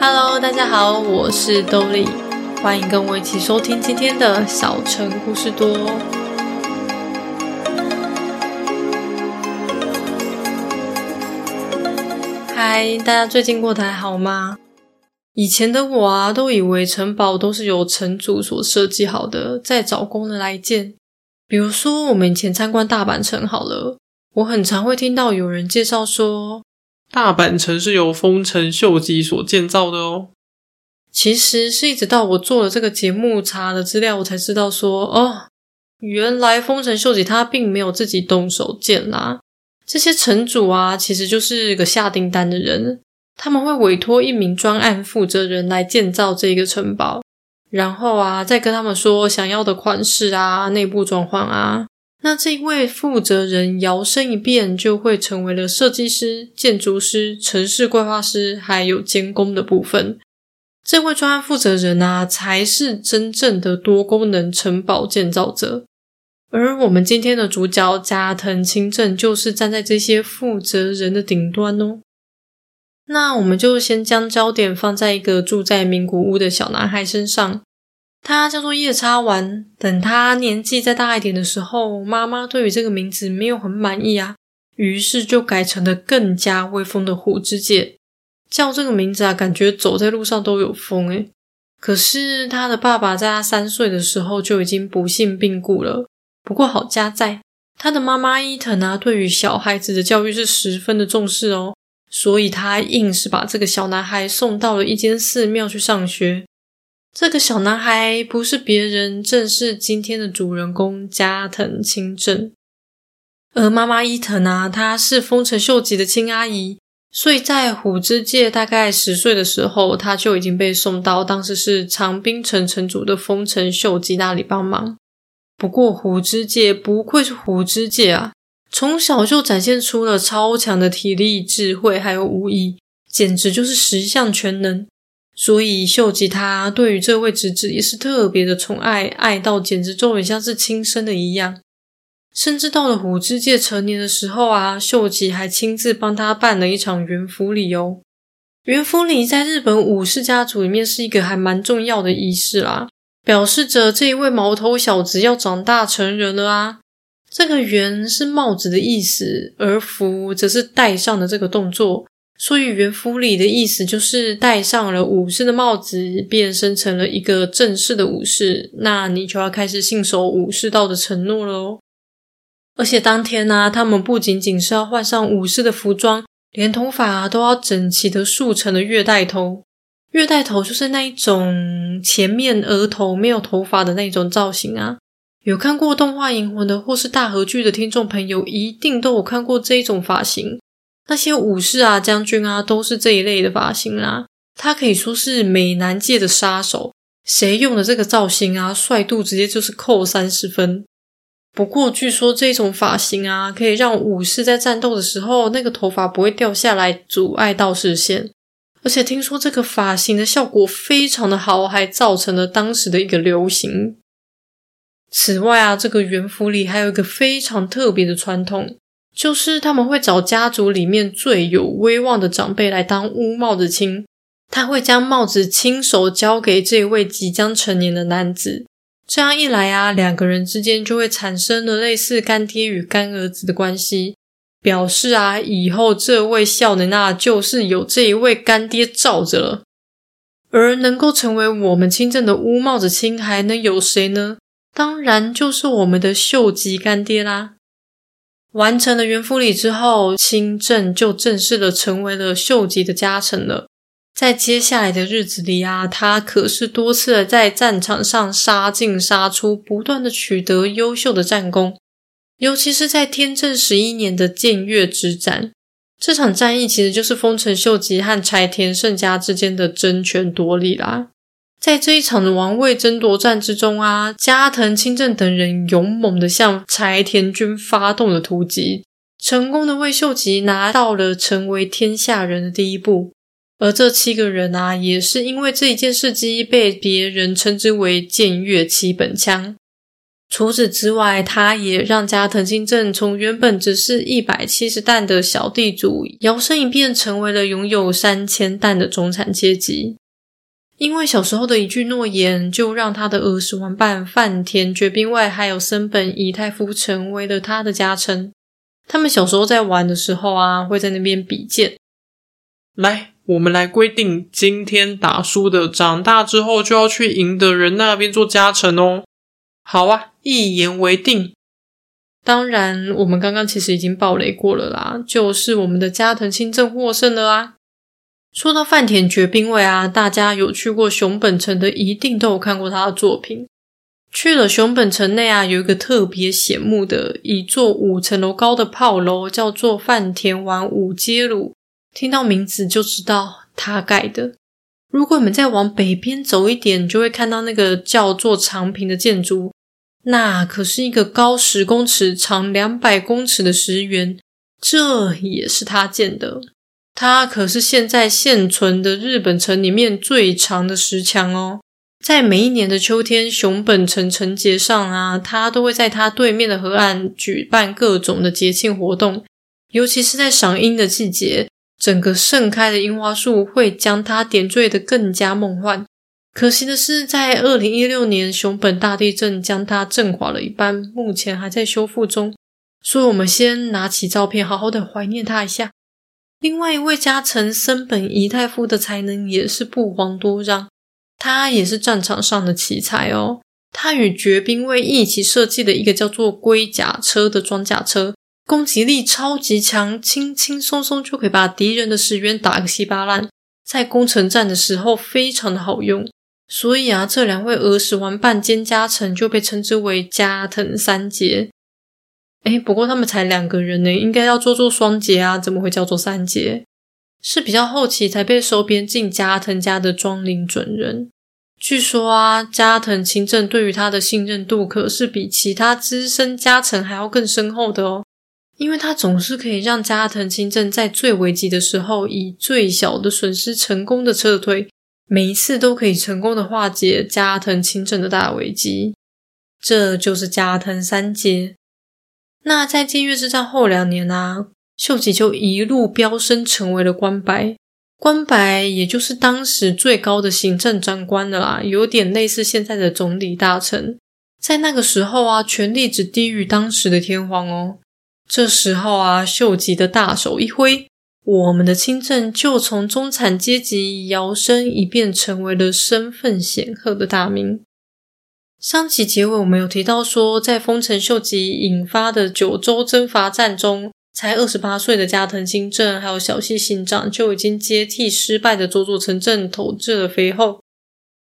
Hello，大家好，我是 Dolly，歡迎跟我一起收聽今天的小城故事多哦。嗨，大家最近過得還好嗎？以前的我啊，都以為城堡都是由城主所設計好的，再找工人來建。比如說，我們以前參觀大阪城好了，我很常會聽到有人介紹說，大阪城是由豐臣秀吉所建造的哦。其實是一直到我做了這個節目查了資料，我才知道說，哦，原來豐臣秀吉他並沒有自己動手建啦、啊。這些城主啊，其實就是個下訂單的人，他們會委託一名專案負責人來建造這個城堡。然後啊，再跟他們說想要的款式啊，內部狀況啊。那這一位負責人搖身一變，就會成為了設計師、建築師、城市規劃師，還有監工的部分。這位專案負責人吶、啊，才是真正的多功能城堡建造者。而我們今天的主角加藤清正，就是站在這些負責人的頂端哦。那我們就先將焦點放在一個住在名古屋的小男孩身上，他叫做夜叉丸。等他年紀再大一點的時候，媽媽對於這個名字沒有很滿意啊，於是就改成了更加威風的虎之介。叫這個名字啊，感覺走在路上都有風誒。可是他的爸爸在他三歲的時候就已經不幸病故了。不過好家在，他的媽媽伊藤啊，對於小孩子的教育是十分的重視哦。所以，他硬是把這個小男孩送到了一間寺廟去上學。這個小男孩不是別人，正是今天的主人公加藤清正。而媽媽伊藤啊，她是豐臣秀吉的親阿姨，所以在虎之介大概十歲的時候，他就已經被送到當時是長濱城城主的豐臣秀吉那裡幫忙。不過，虎之介不愧是虎之介啊！從小就展現出了超強的體力、智慧，還有武藝，簡直就是十項全能。所以秀吉他對於這位侄子也是特別的寵愛，愛到簡直有點像是親生的一樣。甚至到了虎之介成年的時候啊，秀吉還親自幫他辦了一場元服禮哦。元服禮在日本武士家族裡面是一個還蠻重要的儀式啦，表示着這一位毛頭小子要長大成人了啊。這個“元”是帽子的意思，而“服”則是戴上的這個動作。所以“元服禮”的意思就是戴上了武士的帽子，變身成了一個正式的武士。那你就要開始信守武士道的承諾囉。而且當天呢、啊，他們不僅僅是要換上武士的服裝，連頭髮都要整齊的束成的月代頭。月代頭就是那一種前面額頭沒有頭髮的那一種造型啊。有看過動畫《銀魂》的，或是大河劇的聽眾朋友，一定都有看過這一種髮型。那些武士啊、將軍啊，都是這一類的髮型啦、啊。它可以說是美男界的殺手，誰用的這個造型啊，帥度直接就是扣三十分。不過，據說這種髮型啊，可以讓武士在戰鬥的時候，那個頭髮不會掉下來，阻礙到視線。而且聽說這個髮型的效果非常的好，還造成了當時的一個流行。此外啊，這個元服裡還有一個非常特別的傳統，就是他們會找家族裡面最有威望的長輩來當烏帽子親，他會將帽子親手交給這一位即將成年的男子，這樣一來啊，兩個人之間就會產生了類似乾爹與乾兒子的關係，表示啊，以後這位少年啊就是有這一位乾爹罩着了。而能夠成為我們清正的烏帽子親，還能有誰呢？當然就是我們的秀吉乾爹啦！完成了元服禮之後，清正就正式的成為了秀吉的家臣了。在接下來的日子裡啊，他可是多次的在戰場上殺進殺出，不斷的取得優秀的戰功。尤其是在天正十一年的賤岳之戰，這場戰役其實就是豐臣秀吉和柴田勝家之間的爭權奪利啦。在這一場的王位爭奪戰之中啊，加藤清正等人勇猛地向柴田軍發動了突擊，成功的為秀吉拿到了成為天下人的第一步。而這七個人啊，也是因為這一件事跡被別人稱之為“賤岳七本槍”。除此之外，他也讓加藤清正從原本只是一百七十石的小地主，搖身一變成為了擁有三千石的中產階級。因為小時候的一句諾言，就讓他的兒時玩伴飯田、覺兵衛，還有森本、以太夫成為了他的家臣。他們小時候在玩的時候啊，會在那邊比劍。來，我們來規定，今天打輸的長大之後就要去贏的人那邊做家臣哦。好啊，一言為定。當然，我們剛剛其實已經暴雷過了啦，就是我們的加藤清正獲勝了啊。說到飯田覺兵衛啊，大家有去過熊本城的，一定都有看過他的作品。去了熊本城內啊，有一個特別顯目的一座五層樓高的炮樓，叫做飯田丸五階櫓。聽到名字就知道他蓋的。如果你們再往北邊走一點，就會看到那個叫做長平的建築，那可是一個高十公尺、長兩百公尺的石垣，這也是他建的。它可是現在現存的日本城裡面最長的石牆哦。在每一年的秋天，熊本城城節上啊，它都會在它對面的河岸舉辦各種的節慶活動。尤其是在賞櫻的季節，整個盛開的櫻花樹會將它點綴得更加夢幻。可惜的是在2016，在二零一六年熊本大地震將它震垮了一半，目前還在修復中。所以，我們先拿起照片，好好的懷念它一下。另外一位家臣森本儀太夫的才能也是不遑多讓，他也是戰場上的奇才哦。他與絕兵衛一起設計的一個叫做龜甲車的裝甲車，攻擊力超級強，輕輕鬆鬆就可以把敵人的石垣打個稀巴爛，在攻城戰的時候非常的好用。所以啊，這兩位兒時玩伴兼家臣就被稱之為加藤三傑。哎，不過他們才兩個人呢，應該要做做雙傑啊，怎麼會叫做三傑？是比較後期才被收編進加藤家的莊林准人。據說啊，加藤清正對於他的信任度可是比其他資深家臣還要更深厚的哦，因為他總是可以讓加藤清正在最危急的時候以最小的損失成功的撤退，每一次都可以成功的化解加藤清正的大危機，這就是加藤三傑。那在賤岳之戰後兩年啊，秀吉就一路飆升，成為了關白。關白也就是當時最高的行政長官了啦，啊，有點類似現在的總理大臣。在那個時候啊，權力只低於當時的天皇哦。這時候啊，秀吉的大手一揮，我們的清正就從中產階級搖身一變，成為了身份顯赫的大名。上集結尾我們有提到說，在豐臣秀吉引發的九州征伐戰中，才二十八歲的加藤清正還有小西行長就已經接替失敗的佐佐成政，統治了肥後。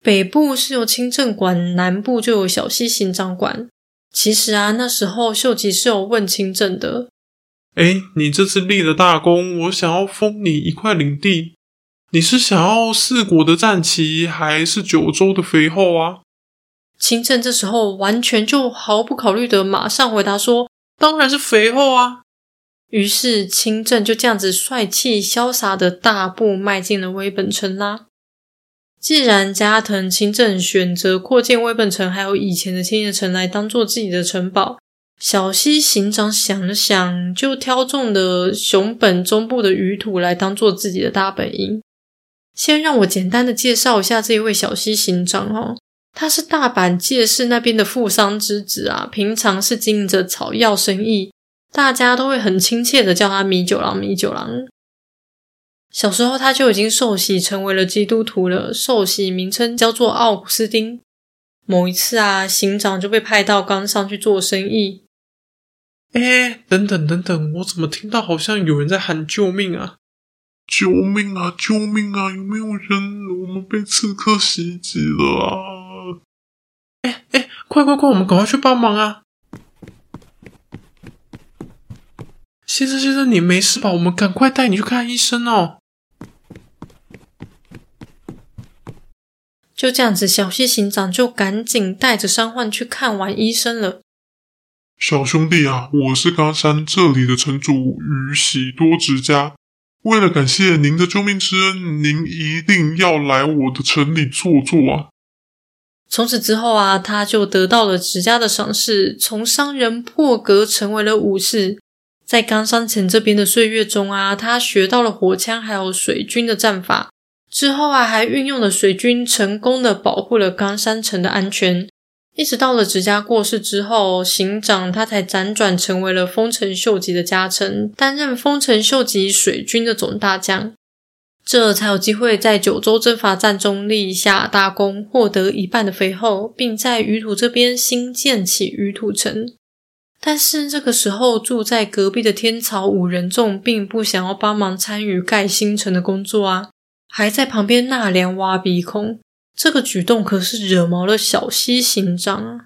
北部是由清正管，南部就有小西行長管。其實啊，那時候秀吉是有問清正的：“哎、欸，你這次立了大功，我想要封你一塊領地，你是想要四國的戰旗，還是九州的肥後啊？”清正這時候完全就毫不考慮的馬上回答說：“當然是肥後啊！”於是清正就這樣子帥氣瀟灑地大步邁進了微本城啦。既然加藤清正選擇擴建微本城，還有以前的千葉城來當做自己的城堡，小西行長想了想，就挑中了熊本中部的宇土來當做自己的大本營。先讓我簡單的介紹一下這一位小西行長哈、哦。他是大阪堺市那邊的富商之子啊，平常是經營着草藥生意，大家都會很親切地叫他米九郎。米九郎。小時候他就已經受洗成為了基督徒了，受洗名稱叫做奧古斯丁。某一次啊，行長就被派到岡上去做生意。哎，等等等等，我怎麼聽到好像有人在喊救命啊！救命啊！救命啊！有沒有人？我們被刺客襲擊了啊！哎、欸、哎、欸，快快快，我們趕快去幫忙啊！先生先生，你沒事吧？我們趕快帶你去看醫生哦。就這樣子，小西行長就趕緊帶着傷患去看完醫生了。小兄弟啊，我是岡山這裡的城主宇喜多直家，為了感謝您的救命之恩，您一定要來我的城裡坐坐啊！從此之後啊，他就得到了直家的賞識，從商人破格成為了武士。在岡山城這邊的歲月中啊，他學到了火槍還有水軍的戰法，之後啊還運用了水軍，成功的保護了岡山城的安全。一直到了直家過世之後，行長他才輾轉成為了豐臣秀吉的家臣，擔任豐臣秀吉水軍的總大將。這才有機會在九州征伐戰中立下大功，獲得一半的肥後，並在宇土這邊新建起宇土城。但是這個時候住在隔壁的天草五人眾，並不想要幫忙參與蓋新城的工作啊，還在旁邊納涼挖鼻孔。這個舉動可是惹毛了小西行長啊！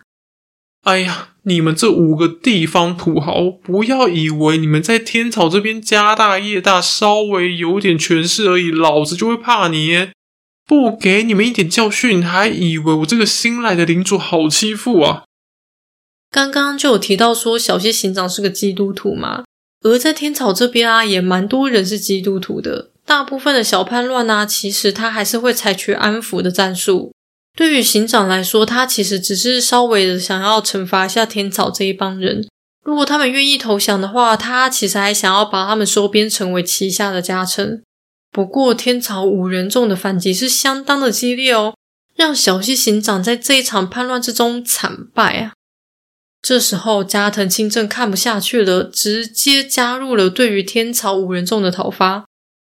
哎呀，你們這五個地方土豪，不要以為你們在天草這邊家大業大，稍微有點權勢而已，老子就會怕你耶？不給你們一點教訓，還以為我這個新來的領主好欺負啊？剛剛就有提到說小西行長是個基督徒嘛，而在天草這邊啊，也蠻多人是基督徒的。大部分的小叛亂呢、啊，其實他還是會採取安撫的戰術。對於行長來說，他其實只是稍微的想要懲罰一下天草這一幫人。如果他們願意投降的話，他其實還想要把他們收編成為旗下的家臣。不過，天草五人眾的反擊是相當的激烈哦，讓小西行長在這一場叛亂之中慘敗啊。這時候，加藤清正看不下去了，直接加入了對於天草五人眾的討伐。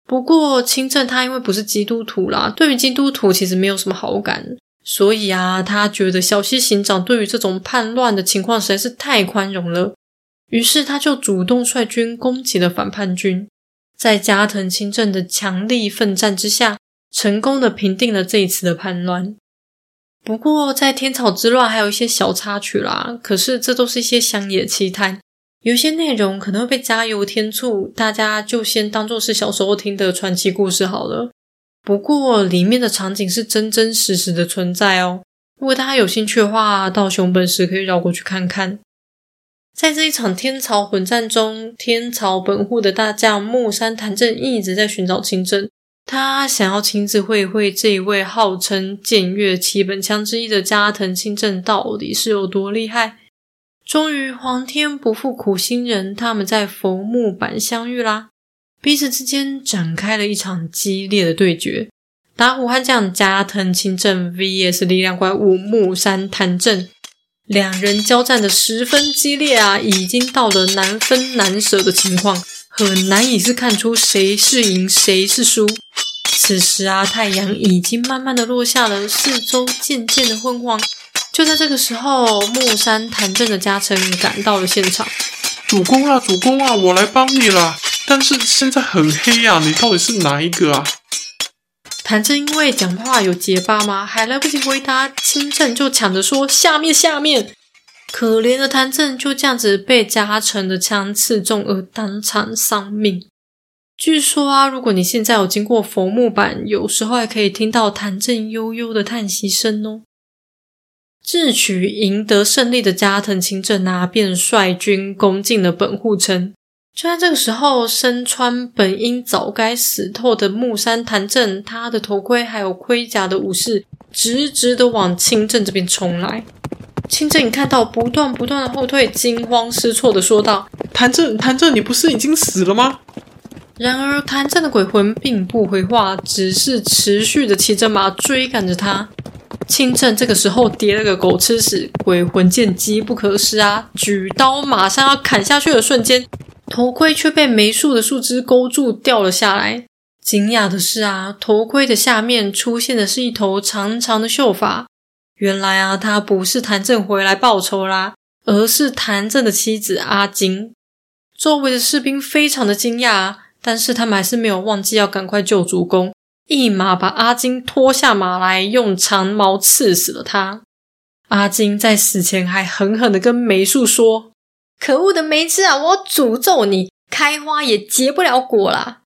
不過，清正他因為不是基督徒啦，對於基督徒其實沒有什麼好感。所以啊，他覺得小西行長對於這種叛亂的情況實在是太寬容了，於是他就主動率軍攻擊了反叛軍。在加藤清正的強力奮戰之下，成功的平定了這一次的叛亂。不過在，在天草之亂還有一些小插曲啦，可是這都是一些鄉野奇談，有些內容可能會被加油添醋，大家就先當做是小時候聽的傳奇故事好了。不過，裡面的場景是真真實實的存在哦。如果大家有興趣的話，到熊本時可以繞過去看看。在這一場天草混戰中，天草本戶的大將木山彈正一直在尋找清正，他想要親自會會這一位號稱賤岳七本槍之一的加藤清正，到底是有多厲害。終於，皇天不負苦心人，他們在佛木板相遇啦。彼此之間展開了一場激烈的對決，打虎悍將加藤清正 VS 力量怪物木山彈正，兩人交戰的十分激烈啊，已經到了難分難舍的情況，很難以是看出誰是贏誰是輸。此時啊，太陽已經慢慢的落下了，四周漸漸的昏黃。就在這個時候，木山彈正的家臣趕到了現場。主公啊，主公啊，我來幫你了。但是現在很黑啊，你到底是哪一個啊？彈正因為講話有結巴嘛，還來不及回答，清正就搶着說，下面下面。可憐的彈正就這樣子被加藤的槍刺中而當場喪命。據說啊，如果你現在有經過佛木板，有時候還可以聽到彈正悠悠的嘆息聲哦。智取贏得勝利的加藤清正拿、啊、便率軍攻進了本戶城。就在這個時候，身穿本應早該死透的木山彈正，他的頭盔還有盔甲的武士，直直的往清正這邊衝來。清正看到不斷不斷的後退，驚慌失措的說道：“彈正，彈正，你不是已經死了嗎？”然而，彈正的鬼魂並不回話，只是持續的騎着馬追趕着他。清正這個時候跌了個狗吃屎，鬼魂見機不可失啊！舉刀馬上要砍下去的瞬間，頭盔卻被梅樹的樹枝勾住掉了下來。驚訝的是啊，頭盔的下面出現的是一頭長長的秀髮。原來啊，他不是彈正回來報仇啦，啊，而是彈正的妻子阿金。周圍的士兵非常的驚訝，啊，但是他們還是沒有忘記要趕快救主公。一馬把阿金拖下馬來，用長矛刺死了他。阿金在死前還狠狠的跟梅樹說：“可惡的梅子啊，我詛咒你，開花也結不了果啦。”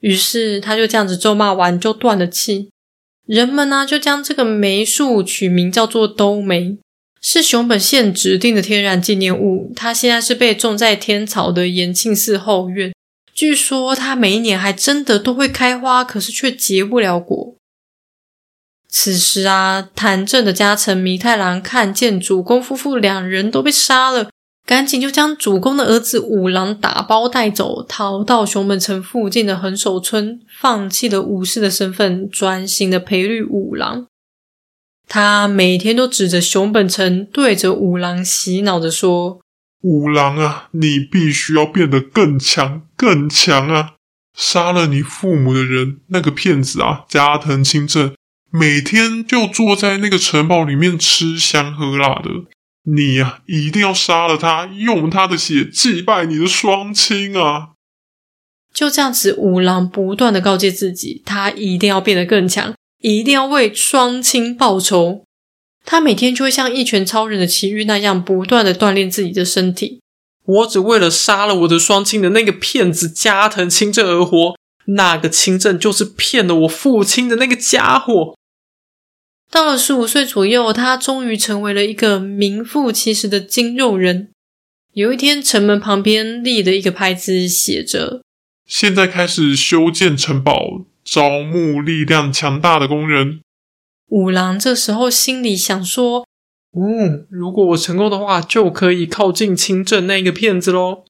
於是他就這樣子咒罵完就斷了氣。人們呢就將這個梅樹取名叫做“兜梅”，是熊本縣指定的天然紀念物。它現在是被種在天草的延慶寺後院。據說他每一年還真的都會開花，可是卻結不了果。此時啊，彈正的家臣彌太郎看見主公夫婦兩人都被殺了，趕緊就將主公的兒子五郎打包帶走，逃到熊本城附近的橫手村，放棄了武士的身份，專心的培育五郎。他每天都指着熊本城，對着五郎洗腦着說。五郎啊，你必須要變得更強、更強啊！殺了你父母的人，那個騙子啊，加藤清正，每天就坐在那個城堡裡面吃香喝辣的。你呀，啊，一定要殺了他，用他的血祭拜你的雙親啊！就這樣子，五郎不斷的告誡自己，他一定要變得更強，一定要為雙親報仇。他每天就會像一拳超人的琦玉那樣，不斷的鍛鍊自己的身體。我只為了殺了我的雙親的那個騙子加藤清正而活。那個清正就是騙了我父親的那個家伙。到了十五歲左右，他終於成為了一個名副其實的筋肉人。有一天，城門旁邊立了一個牌子寫着：“現在開始修建城堡，招募力量強大的工人。”五郎這時候心裡想說：“嗯，如果我成功的話，就可以靠近清正那一個騙子咯。”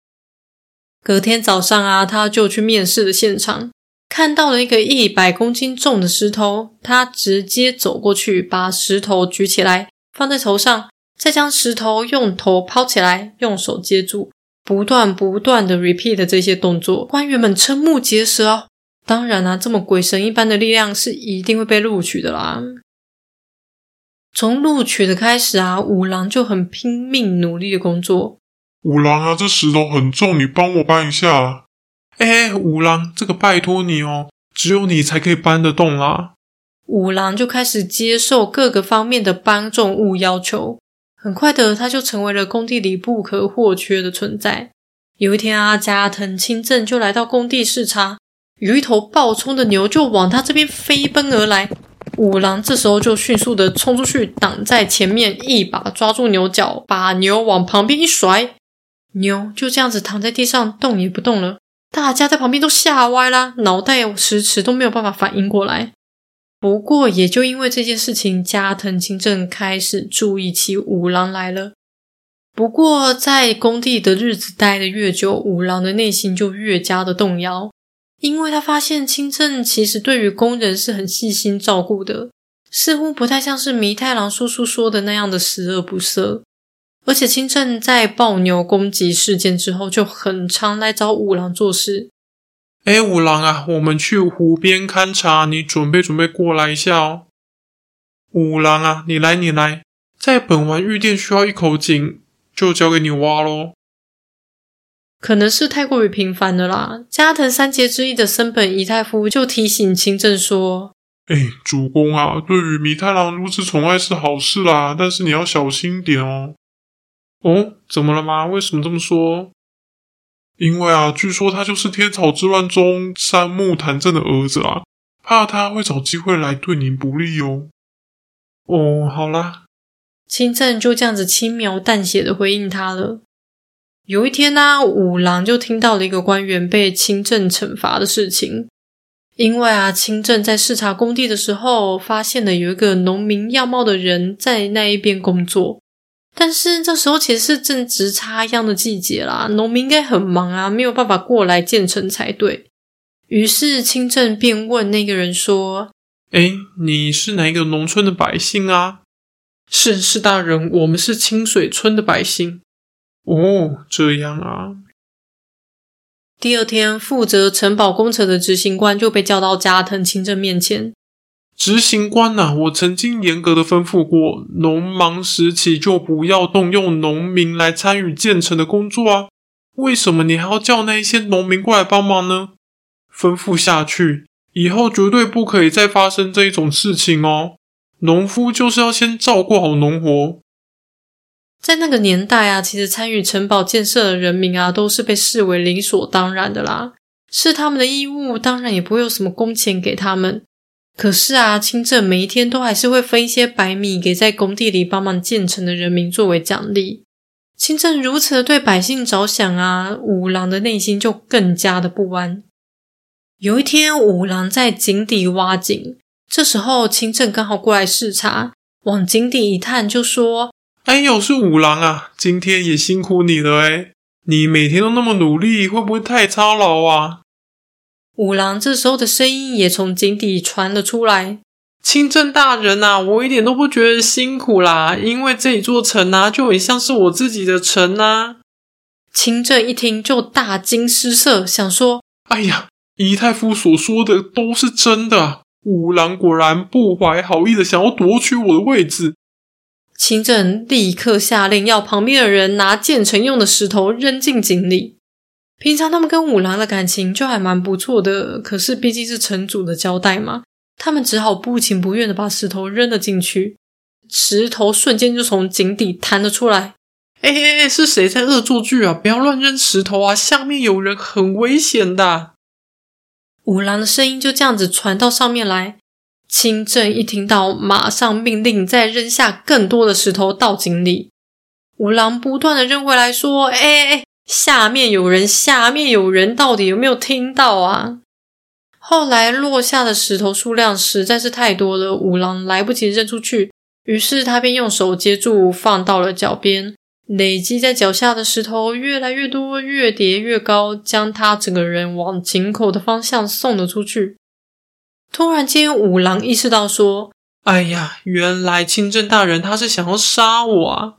隔天早上啊，他就去面試的現場，看到了一個一百公斤重的石頭，他直接走過去，把石頭舉起來，放在頭上，再將石頭用頭拋起來，用手接住，不斷不斷的 repeat 這些動作，官員們瞠目結舌哦！當然啊，這麼鬼神一般的力量是一定會被錄取的啦。從錄取的開始啊，五郎就很拼命努力的工作。五郎啊，這石頭很重，你幫我搬一下啊。哎，五郎，這個拜托你哦，只有你才可以搬得動啦啊。五郎就開始接受各個方面的搬重物要求，很快的他就成為了工地裡不可或缺的存在。有一天啊，加藤清正就來到工地視察，有一頭暴衝的牛就往他這邊飛奔而來。五郎這時候就迅速的衝出去，擋在前面，一把抓住牛角，把牛往旁邊一甩，牛就這樣子躺在地上動也不動了。大家在旁邊都嚇歪了，腦袋也遲遲都沒有辦法反應過來。不過，也就因為這件事情，加藤清正開始注意起五郎來了。不過，在工地的日子待得越久，五郎的內心就越加的動搖。因為他發現清正其實對於工人是很細心照顧的，似乎不太像是彌太郎叔叔說的那樣的十惡不赦。而且清正在暴牛攻擊事件之後就很常來找五郎做事。哎，五郎啊，我們去湖邊勘察，你準備準備過來一下哦。五郎啊，你來你來，在本丸御殿需要一口井，就交給你挖嘍。可能是太過於頻繁的啦。加藤三傑之一的森本儀太夫就提醒清正說：“哎、欸，主公啊，對於彌太郎如此寵愛是好事啦，但是你要小心點哦、喔。”“哦，怎麼了嗎？為什麼這麼說？”“因為啊，據說他就是天草之亂中木山彈正的兒子啊，怕他會找機會來對您不利哦、喔。”“哦，好啦。”清正就這樣子輕描淡寫的回應他了。有一天呢、啊，五郎就聽到了一個官員被清正懲罰的事情。因為啊，清正在視察工地的時候，發現了有一個農民樣貌的人在那一邊工作。但是這時候其實是正值插秧的季節啦，農民應該很忙啊，沒有辦法過來建城才對。對於是清正便問那個人說：“哎，你是哪一個農村的百姓啊？”“是是大人，我們是清水村的百姓。”哦，這樣啊。第二天，負責城堡工程的執行官就被叫到加藤清正面前。執行官啊，我曾經嚴格的吩咐過，農忙時期就不要動用農民來參與建城的工作啊。為什麼你還要叫那一些農民過來幫忙呢？吩咐下去，以後絕對不可以再發生這一種事情哦。農夫就是要先照顧好農活。在那個年代啊，其實參與城堡建設的人民啊，都是被視為理所當然的啦，是他們的義務，當然也不會有什麼工錢給他們。可是啊，清正每一天都還是會分一些白米給在工地裡幫忙建成的人民作為獎勵。清正如此的對百姓着想啊，五郎的內心就更加的不安。有一天，五郎在井底挖井，這時候清正剛好過來視察，往井底一探，就說，哎呦，是五郎啊！今天也辛苦你了誒、欸、你每天都那麼努力，會不會太操勞啊？五郎這時候的聲音也從井底傳了出來：“清正大人吶、啊，我一點都不覺得辛苦啦，因為這一座城吶、啊，就很像是我自己的城吶、啊。”清正一聽就大驚失色，想說：“哎呀，儀太夫所說的都是真的，五郎果然不懷好意的想要奪取我的位置。”清正立刻下令，要旁邊的人拿建城用的石頭扔進井裡。平常他們跟五郎的感情就還蠻不錯的，可是畢竟是城主的交代嘛，他們只好不情不願的把石頭扔了進去。石頭瞬間就從井底彈了出來。哎哎哎，是誰在惡作劇啊？不要亂扔石頭啊！下面有人，很危險的。五郎的聲音就這樣子傳到上面來。清正一聽到，馬上命令再扔下更多的石頭到井裡。五郎不斷的扔回來說：“哎哎，下面有人，下面有人，到底有沒有聽到啊？”後來落下的石頭數量實在是太多了，五郎來不及扔出去，於是他便用手接住，放到了腳邊。累積在腳下的石頭越來越多，越疊越高，將他整個人往井口的方向送了出去。突然間，五郎意識到說：“哎呀，原來清正大人他是想要殺我啊！”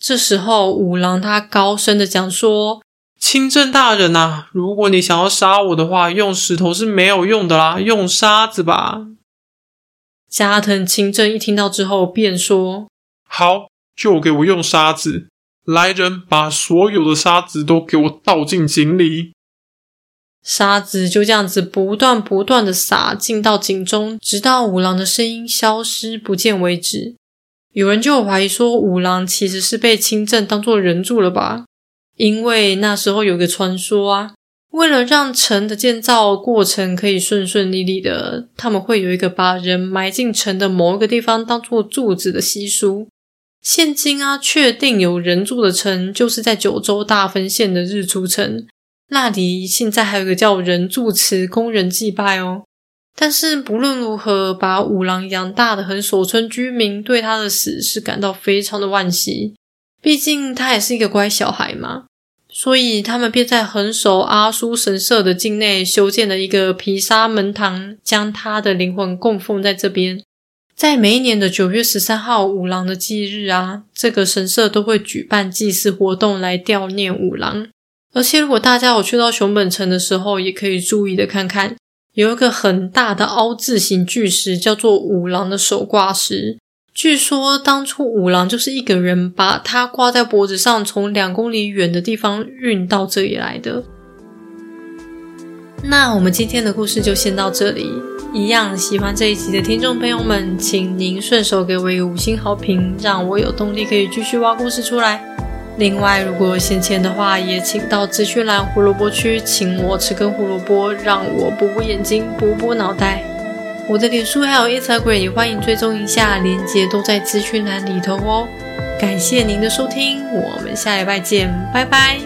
這時候，五郎他高聲的講說：“清正大人吶、啊，如果你想要殺我的話，用石頭是沒有用的啦，用沙子吧。”加藤清正一聽到之後，便說：“好，就給我用沙子。來人，把所有的沙子都給我倒進井裡。”沙子就這樣子不斷不斷的撒進到井中，直到五郎的聲音消失不見為止。有人就懷疑說，五郎其實是被清正當做人柱了吧？因為那時候有一個傳說啊，為了讓城的建造過程可以順順利利的，他們會有一個把人埋進城的某一個地方當做柱子的習俗。現今啊，確定有人柱的城就是在九州大分縣的日出城。那裡現在還有個叫人柱祠供人祭拜哦。但是不論如何，把五郎養大的橫手村居民對他的死是感到非常的惋惜，畢竟他也是一個乖小孩嘛。所以他們便在橫手阿蘇神社的境內修建了一個毗沙門堂，將他的靈魂供奉在這邊。在每一年的九月十三號五郎的忌日啊，這個神社都會舉辦祭祀活動來悼念五郎。而且，如果大家有去到熊本城的時候，也可以注意的看看，有一個很大的凹字形巨石，叫做五郎的手掛石。據說當初五郎就是一個人把它掛在脖子上，從兩公里遠的地方運到這裡來的。那我們今天的故事就先到這裡。一樣喜歡這一集的聽眾朋友們，請您順手給我一個五星好評，讓我有動力可以繼續挖故事出來。另外，如果有閒錢的話，也請到資訊欄胡蘿蔔區，請我吃根胡蘿蔔，讓我補補眼睛，補補腦袋。我的臉書還有 Instagram，也歡迎追蹤一下，鏈接都在資訊欄裡頭哦。感謝您的收聽，我們下禮拜見，拜拜。